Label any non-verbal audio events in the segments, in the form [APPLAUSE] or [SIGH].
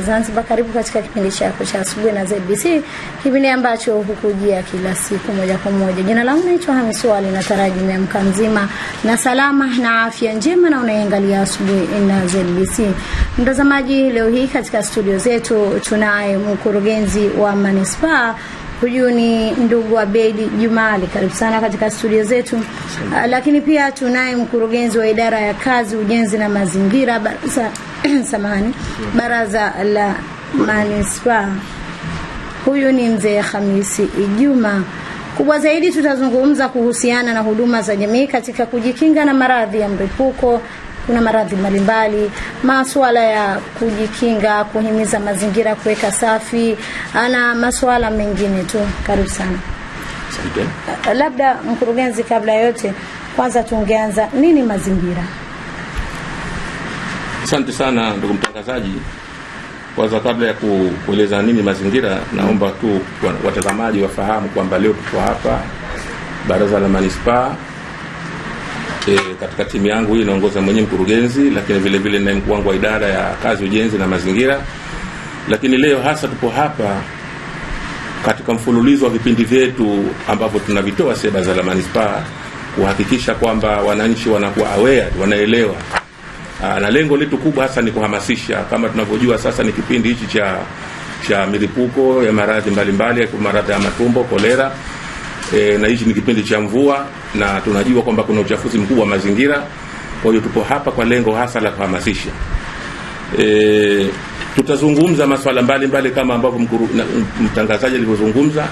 Zanzibar, karibu katika kipindi chako cha asubuhi na ZBC, kipindi ambacho hukujia kila siku moja kwa moja. Jina langu naitwa Hamisi Wali, nataraji umeamka mzima na salama na afya njema na unaangalia asubuhi na ZBC. Mtazamaji, leo hii katika studio zetu tunaye mkurugenzi wa manispaa huyu ni ndugu Abedi Jumali, karibu sana katika studio zetu. Uh, lakini pia tunaye mkurugenzi wa idara ya kazi, ujenzi na mazingira [CLEARS THROAT] samahani, baraza la manispaa. Huyu ni mzee Hamisi Ijuma. Kubwa zaidi tutazungumza kuhusiana na huduma za jamii katika kujikinga na maradhi ya mripuko Kuna maradhi mbalimbali, masuala ya kujikinga, kuhimiza mazingira, kuweka safi na masuala mengine tu. Karibu sana. Labda mkurugenzi, kabla yote, kwanza tungeanza nini mazingira? Asante sana ndugu mtangazaji. Kwanza, kabla ya kueleza nini mazingira, naomba tu watazamaji wafahamu kwamba leo tuko hapa baraza la manispaa e, katika timu yangu hii inaongoza mwenyewe mkurugenzi, lakini vile vile na mkuu wangu wa idara ya kazi, ujenzi na mazingira. Lakini leo hasa tupo hapa katika mfululizo wa vipindi vyetu ambavyo tunavitoa sie baraza la manispaa kuhakikisha kwamba wananchi wanakuwa aware, wanaelewa Aa, ah, na lengo letu kubwa hasa ni kuhamasisha. Kama tunavyojua sasa ni kipindi hichi cha cha milipuko ya maradhi mbalimbali, maradhi ya matumbo, kolera e, na hichi ni kipindi cha mvua, na tunajua kwamba kuna uchafuzi mkubwa wa mazingira. Kwa hiyo tupo hapa kwa lengo hasa la kuhamasisha. E, tutazungumza masuala mbalimbali kama ambavyo mtangazaji alivyozungumza.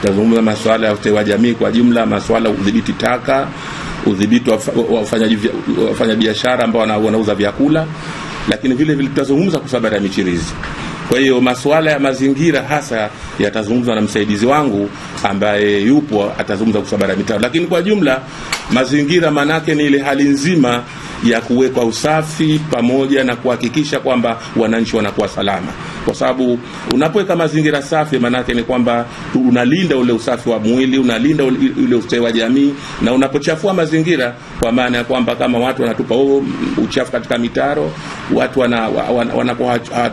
Tutazungumza masuala ya ustawi wa jamii kwa jumla, masuala ya udhibiti taka udhibiti wa wafanyabiashara ambao wanauza vyakula, lakini vile vile tutazungumza kwa sababu ya michirizi. Kwa hiyo masuala ya mazingira hasa yatazungumzwa na msaidizi wangu ambaye yupo atazungumza kuhusu barabara mitaro, lakini kwa jumla mazingira manake ni ile hali nzima ya kuwekwa usafi pamoja na kuhakikisha kwamba wananchi wanakuwa salama, kwa sababu unapoweka mazingira safi, maanake ni kwamba unalinda ule usafi wa mwili, unalinda ule ustawi wa jamii, na unapochafua mazingira, kwa maana ya kwamba kama watu wanatupa oh, uchafu katika mitaro, watu wanakuwa wana, wana, wana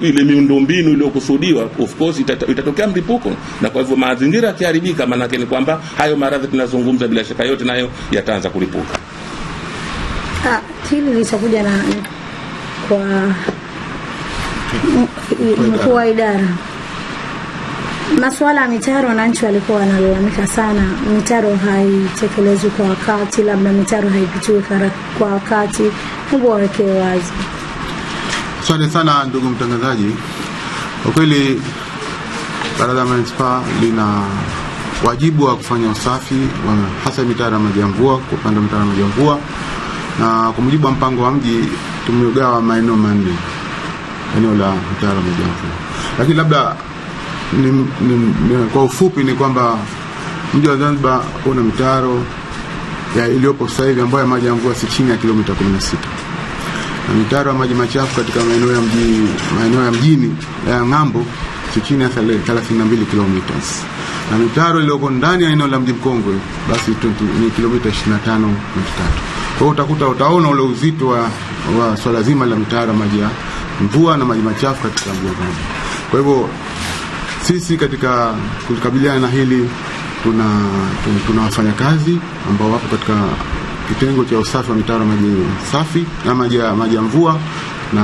ile miundombinu iliyokusudiwa of itatokea mlipuko, na kwa hivyo mazingira yakiharibika, maanake ni kwamba hayo maradhi tunazungumza bila shaka yote nayo yataanza kulipuka. Ah, hili litakuja na kwa mkuu wa idara masuala ya mitaro, wananchi walikuwa wanalalamika sana, mitaro haitekelezwi kwa wakati, labda mitaro haipitiwi kwa wakati. Mungu wawekee wazi. Asante sana ndugu mtangazaji, kwa kweli Baraza la Manispaa lina wajibu wa kufanya usafi wa hasa mitaa ya maji ya mvua, kwa upande ya maji ya mvua, na kwa mujibu wa mpango wa mji tumegawa maeneo manne eneo la mitara ya maji ya mvua. Lakini labda ni, ni, ni, kwa ufupi ni kwamba mji wa Zanzibar una mitaro ya iliyopo sasa hivi ambayo ya maji ya mvua si chini ya kilomita 16 na mitaro ya maji machafu katika maeneo ya mjini, maeneo ya mjini ya ng'ambo chini ya 32 km na mitaro iliyoko ndani ya eneo la mji mkongwe basi ni kilomita 25.3. Kwa hiyo utakuta, utaona ule uzito wa, wa swala zima la mitaro maji ya mvua na maji machafu katika mji mkongwe. Kwa hivyo sisi katika kukabiliana na hili tuna, tuna, tuna wafanyakazi ambao wapo katika kitengo cha usafi wa mitaro maji safi na maji ya mvua na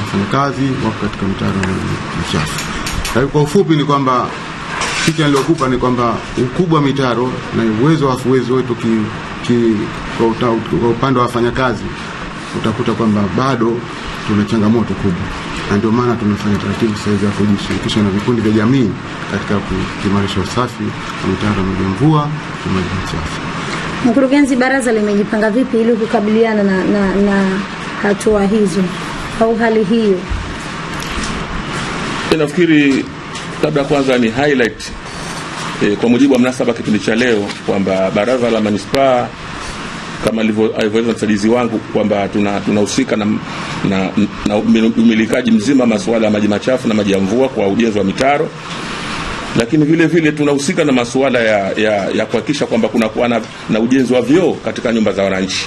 wafanyakazi wapo katika mitaro maji machafu. Kwa ufupi ni kwamba picha niliokupa ni kwamba ukubwa wa mitaro na uwezo wa uwezo wetu ki, ki, kwa upande wa wafanyakazi utakuta kwamba bado tuna changamoto kubwa, na ndio maana tumefanya taratibu sasa za kujishirikisha na vikundi vya jamii katika kuimarisha usafi wa mitaro ya maji ya mvua na maji machafu. Mkurugenzi, baraza limejipanga vipi ili kukabiliana na, na, na hatua hizo au hali hiyo? Nafikiri labda kwanza ni highlight e, kwa mujibu wa mnasaba kipindi cha leo kwamba baraza la manispaa kama alivyoeleza msaidizi wangu kwamba tunahusika tuna na, na, na umilikaji mzima masuala ya maji machafu na maji ya mvua kwa ujenzi wa mitaro, lakini vile vile tunahusika na masuala ya, ya, ya kuhakikisha kwamba kunakuwa na, na ujenzi wa vyoo katika nyumba za wananchi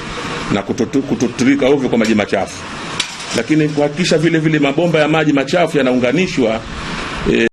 na kututirika ovyo kwa maji machafu lakini kuhakikisha vile vile mabomba ya maji machafu yanaunganishwa e,